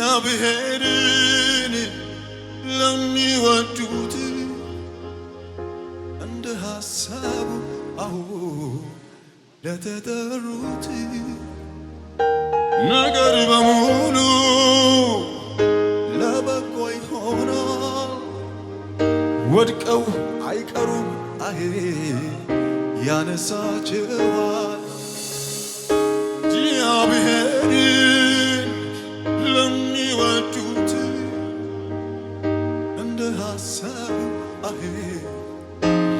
እግዚአብሔርን ለሚወዱት እንደ ሐሳቡ አሁ ለተጠሩት ነገር በሙሉ ለበጎ ይሆናል። ወድቀው አይቀሩም፣ አይ ያነሳቸዋል ጌታዬ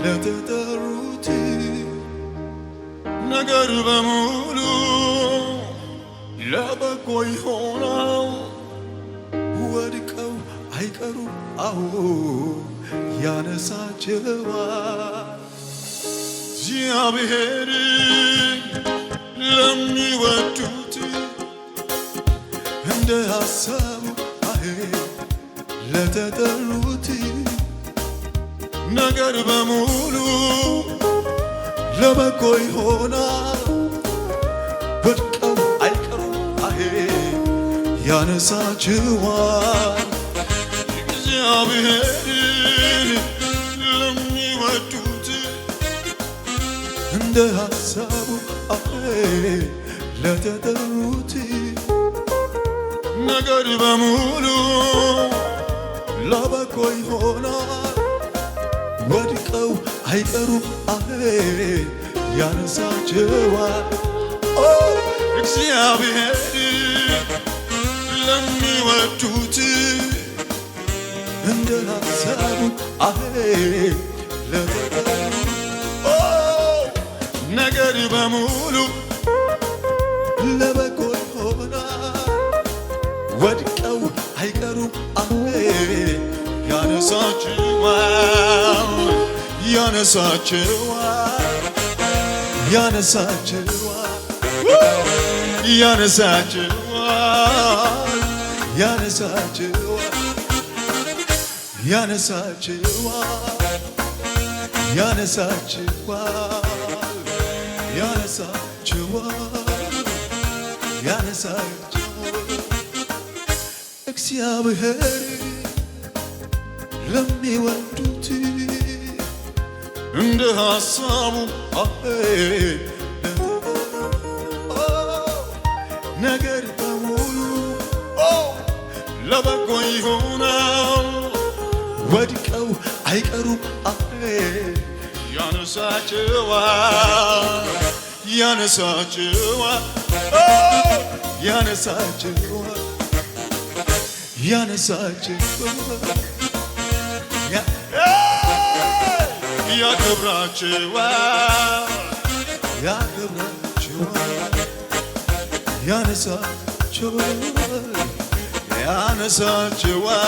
ለተጠሩት ነገር በሙሉ ለበጎ ይሆናው ወድቀው አይቀሩ አዎ ያነሳቸዋል እግዚአብሔር ለሚወዱት እንደ ሀሳቡ አሄ ለተጠሩት ነገር በሙሉ ለበጎ ይሆናል። ብድቅም አይቀርም አሄ ያነሳችኋል። እግዚአብሔርን ለሚወዱት እንደ ሀሳቡ አሄ ለተጠሩት ነገር በሙሉ ለበጎ ይሆናል። ወድቀው አይቀሩ አይ ያነሳቸዋል እግዚአብሔር ለሚወዱት እንደ ሐሳቡ አይ ነገር በሙሉ ለበጎ ይሆናል። ወድቀው አይቀሩም አይ ያነሳቸዋል ያነሳችኋል ያነሳችኋል ያነሳችኋል ያነሳችኋል ያነሳችኋል ያነሳችኋል እግዚአብሔር ለሚወዱ እንደ ሀሳቡ ነገር በሙሉ ለበጎ ይሆናል። ወድቀው አይቀሩም ያነሳቸዋል ያነሳቸዋል ያነሳቸዋል ያነሳቸዋል ያከብራችኋል፣ ያከብራችኋል፣ ያነሳችኋል፣ ያነሳችኋል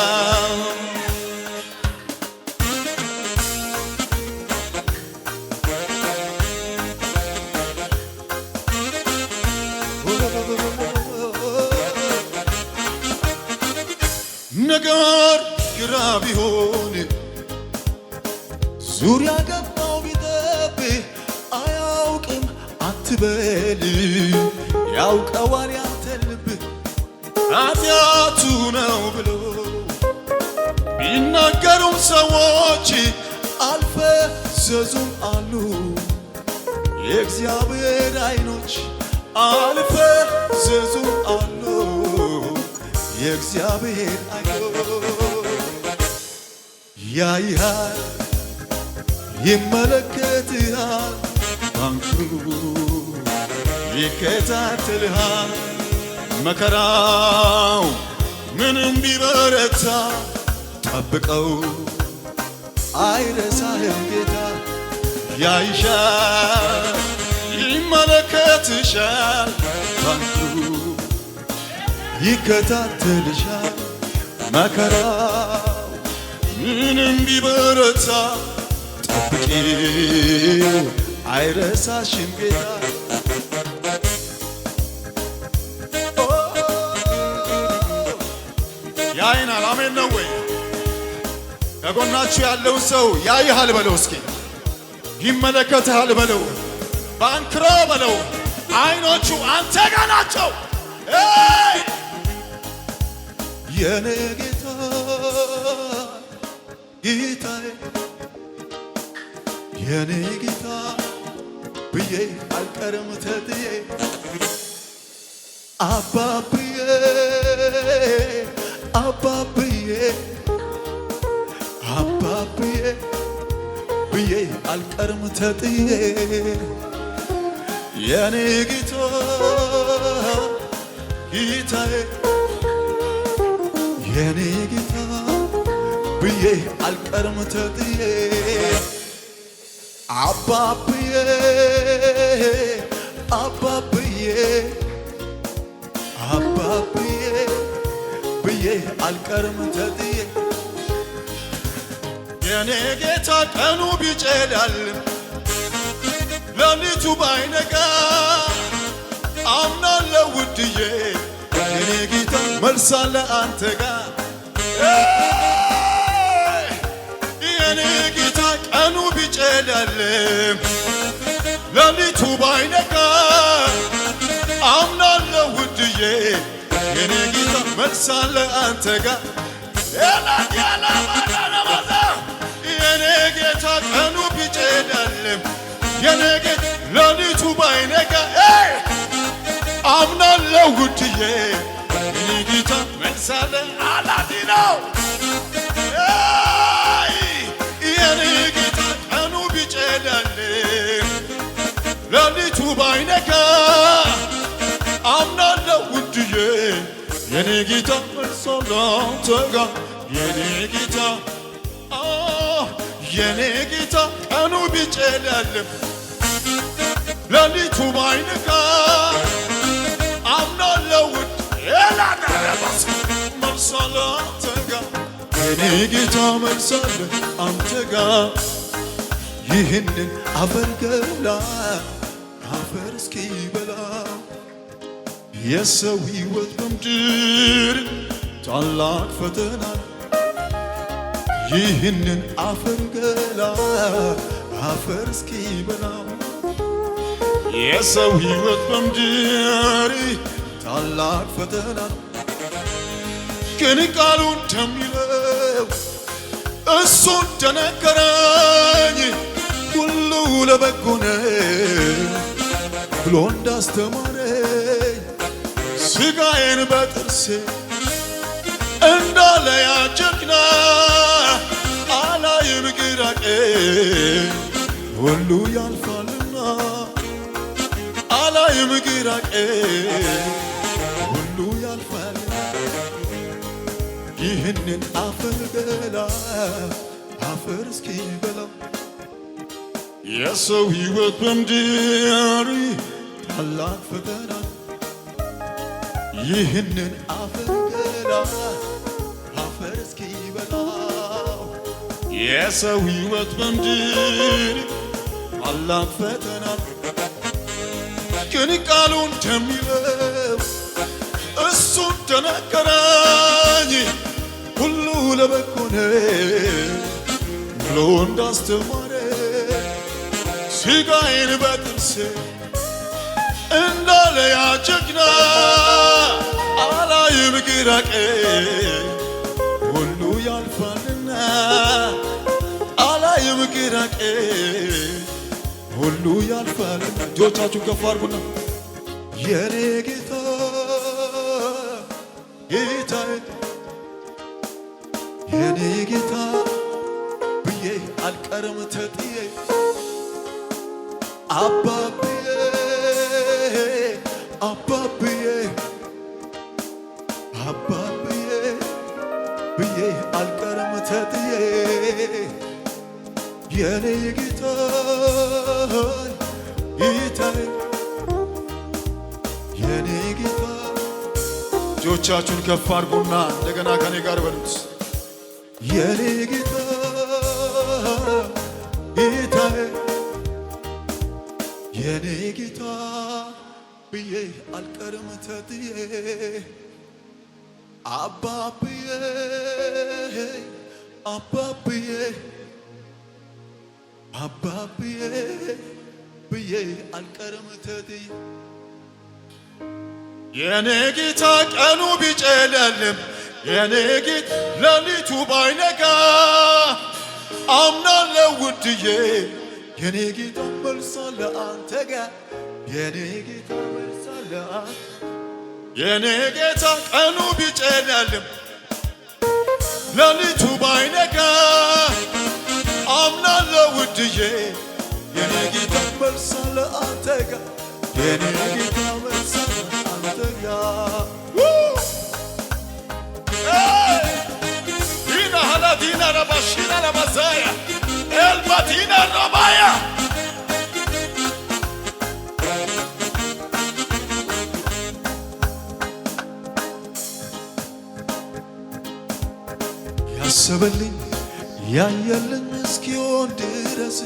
ነገር ግራ ቢሆን ዙሪያ ገባው ቢጠብህ አያውቅም አትበል፣ ያውቀዋል ያንተ ልብ ኃጢአቱ ነው ብሎ ቢናገሩም ሰዎች አልፈ ዘዙም አሉ የእግዚአብሔር አይኖች አልፈ ዘዙም አሉ የእግዚአብሔር አይኖች ያይሃል ይመለከትሃል፣ ባንኩ ይከታተልሃል። መከራው ምንም ቢበረታ ጠብቀው አይረሳህም ጌታ ያይሻል ይመለከትሻል ባንኩ ይከታተልሻል መከራው ምንም ቢበረታ ጠብቂው አይረሳሽም ጌታ ያይናል። አሜን ነው ወይ? ከጎናችሁ ያለውን ሰው ያይሃል በለው እስኪ ይመለከትሃል በለው ባንክሮ በለው አይኖቹ አንተ ጋ ናቸው። የኔ ጌታ ጌታዬ የኔ ጌታ ብዬ አልቀርም ተጥዬ አባብዬ አባብዬ አባብዬ ብዬ አልቀርም ተጥዬ የኔ ጌታ ጌታዬ የኔ ጌታ ብዬ አልቀርም ተጥዬ አባብዬ አባብዬ አባብዬ ብዬ አልቀርም ተጥዬ የኔ ጌታ ቀኑ ቢጨላል ለሊቱ ባይነጋ አምናለሁ ውድዬ የኔ ጌታ መልሳለ አንተ ጋር ሲጨላልም ለሊቱ ባይነጋ አምናለሁ ውድዬ የኔ ጌታ መልሳለ አንተ ጋር የኔ ጌታ ቀኑ ቢጨላልም የኔ ጌታ ለሊቱ ባይነጋ አምናለሁ ውድዬ የኔ ጌታ መልሳለ አላዚ ነው ባይነካ አምናለሁ ውድዬ የኔ ጌታ መልሶላንተ ጋር የኔ ጌታ የኔ ጌታ ቀኑ ቢጨለልም ለሊቱ ባይነጋ አምናለሁ ውድ ላናረባስ መልሳለ አንተ ጋር የኔ ጌታ መልሳለ አንተ ጋር ይህንን አበርገላ አፈር እስኪበላ የሰው ሕይወት በምድር ታላቅ ፈተና ይህንን አፈር ገላ አፈር እስኪበላ የሰው ሕይወት በምድር ታላቅ ፈተና ግን ቃሉ እንደሚለው እሱ እንደነገረኝ ሁሉ ለበጎ ነው። ብሎ እንዳስተማረኝ ሥጋዬን በጥርሴ እንዳለ ያ ጀግና አላይም ግራቄ ሁሉ ያልፋልና አላይም ግራቄ ሁሉ ያልፋል ይህንን አፈር በላ አፈር እስኪበላ የሰው ሕይወት በምድር ታላቅ ፈተና ይህንን አፈር ገላ አፈር እስኪበላው የሰው ሕይወት በምድር ታላቅ ፈተና ግን ቃሉ እንደሚለው እሱ ተናገረኝ ሁሉ ለበጎ ነው ብሎ እንዳስተማ ስጋዬን በጥርሴ እንዳለ ያ ጀግና አላይም ግራቄ ሁሉ ያልፋልና አላይም ግራቄ ሁሉ ያልፋልና እጆቻችሁን ከፍ አድርጉና የኔ ጌታ ጌታዬ የኔ ጌታ ብዬ አልቀርም ተጥዬ አባብዬ አባብዬ አባብዬ ብዬ አልቀርም ተጥዬ የኔ ጌታ ይታይ የኔ ጌታ እጆቻችሁን ከፍ አድርጉና እንደገና ከኔ ጋር በሉት የኔ ጌታ የኔ ጌታ ብዬ አልቀርም ተትዬ አባ ብዬ አባ ብዬ አልቀርም ተትዬ የኔ ጌታ ቀኑ ቢጨለልም የኔ ጌታ ሌሊቱ ባይነጋ አምናለው ውድዬ Vieni git olmursa antega Vieni git olmursa la Vieni git akanu biçelelim Lali tubayneka Amna la vudiye Vieni git olmursa la antega Vieni git olmursa la antega Hey! Dina hala dina rabashina rabazaya elmatina rabaya ያሰበልኝ ያየልኝ እስኪሆን ድረስ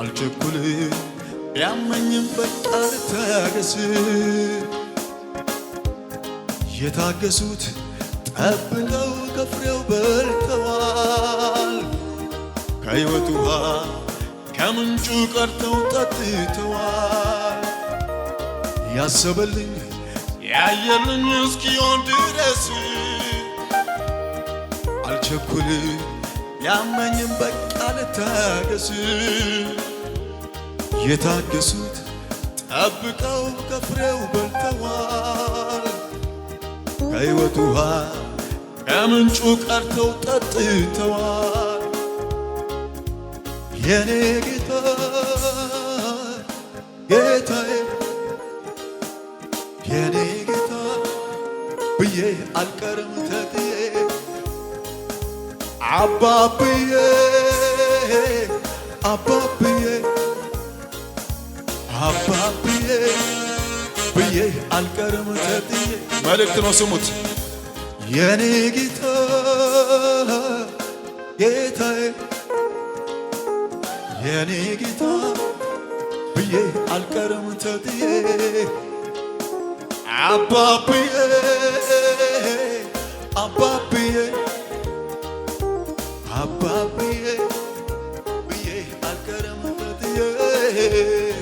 አልቸኩልም ቢያመኝም በጣር ታገስ የታገሱት ጠብቀው ከፍሬው በልተዋል ከሕይወት ውሃ ከምንጩ ቀርተው ጠጥተዋል። ያሰበልኝ ያየልኝ እስኪሆን ድረስ አልቸኩል ያመኝም በቃ ልታገስ የታገሱት ጠብቀው ከፍሬው በልተዋል። ከሕይወት ውሃ ከምንጩ ቀርተው ጠጥተዋል። የኔ ጌታ ጌታዬ የኔ ጌታ ብዬ አልቀርም ተክዬ አባብዬ አባብዬ አባብዬ ብዬ አልቀርም ተክዬ መልእክት ነው ስሙት። የኔ ጌታ ጌታዬ የኔ ጌታ ብዬ አልቀርም ተጥዬ አባብዬ አባብዬ አባብዬ ብዬ አልቀርም ተጥዬ